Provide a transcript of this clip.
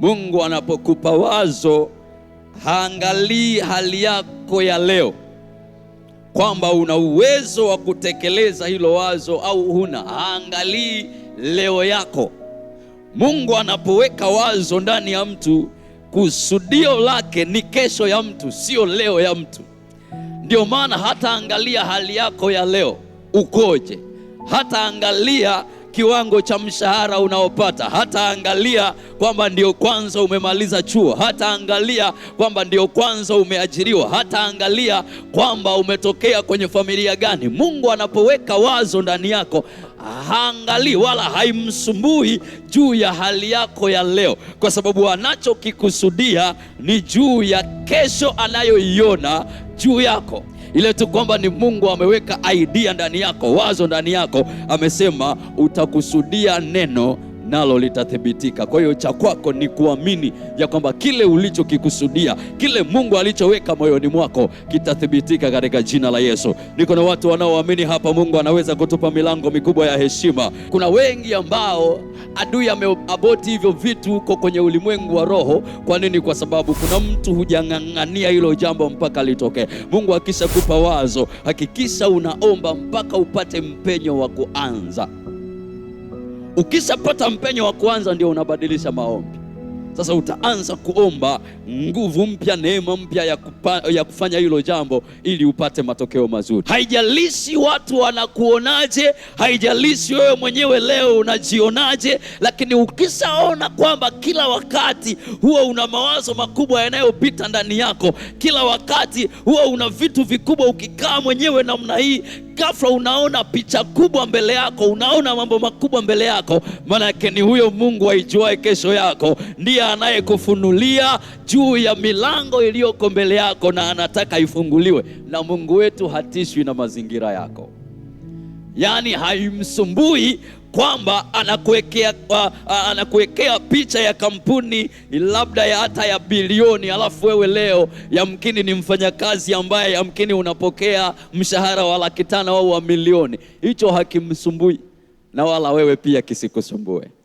Mungu anapokupa wazo haangalii hali yako ya leo kwamba una uwezo wa kutekeleza hilo wazo au huna, haangalii leo yako. Mungu anapoweka wazo ndani ya mtu, kusudio lake ni kesho ya mtu, sio leo ya mtu. Ndio maana hataangalia hali yako ya leo ukoje, hataangalia kiwango cha mshahara unaopata, hata angalia kwamba ndio kwanza umemaliza chuo, hata angalia kwamba ndio kwanza umeajiriwa, hata angalia kwamba umetokea kwenye familia gani. Mungu anapoweka wazo ndani yako haangalii wala haimsumbui juu ya hali yako ya leo, kwa sababu anachokikusudia ni juu ya kesho anayoiona juu yako ile tu kwamba ni Mungu ameweka idea ndani yako, wazo ndani yako, amesema utakusudia neno nalo litathibitika. Kwa hiyo cha kwako ni kuamini ya kwamba kile ulichokikusudia, kile Mungu alichoweka moyoni mwako kitathibitika katika jina la Yesu. Niko na watu wanaoamini hapa, Mungu anaweza kutupa milango mikubwa ya heshima. Kuna wengi ambao adui ameaboti hivyo vitu huko kwenye ulimwengu wa roho. Kwa nini? Kwa sababu kuna mtu hujang'ang'ania hilo jambo mpaka litokee. Mungu akishakupa wazo, hakikisha unaomba mpaka upate mpenyo wa kuanza. Ukishapata mpenyo wa kwanza, ndio unabadilisha maombi. Sasa utaanza kuomba nguvu mpya, neema mpya ya, ya kufanya hilo jambo ili upate matokeo mazuri. Haijalishi watu wanakuonaje, haijalishi wewe mwenyewe leo unajionaje, lakini ukishaona kwamba kila wakati huwa una mawazo makubwa yanayopita ndani yako, kila wakati huwa una vitu vikubwa ukikaa mwenyewe namna hii ghafla unaona picha kubwa mbele yako, unaona mambo makubwa mbele yako, maanake ni huyo Mungu aijuae kesho yako ndiye anayekufunulia juu ya milango iliyoko mbele yako, na anataka ifunguliwe. Na Mungu wetu hatishwi na mazingira yako, yaani haimsumbui kwamba anakuwekea uh, anakuwekea picha ya kampuni labda ya hata ya bilioni, alafu wewe leo yamkini ni mfanyakazi ambaye yamkini unapokea mshahara wa laki tano au wa milioni. Hicho hakimsumbui na wala wewe pia kisikusumbue.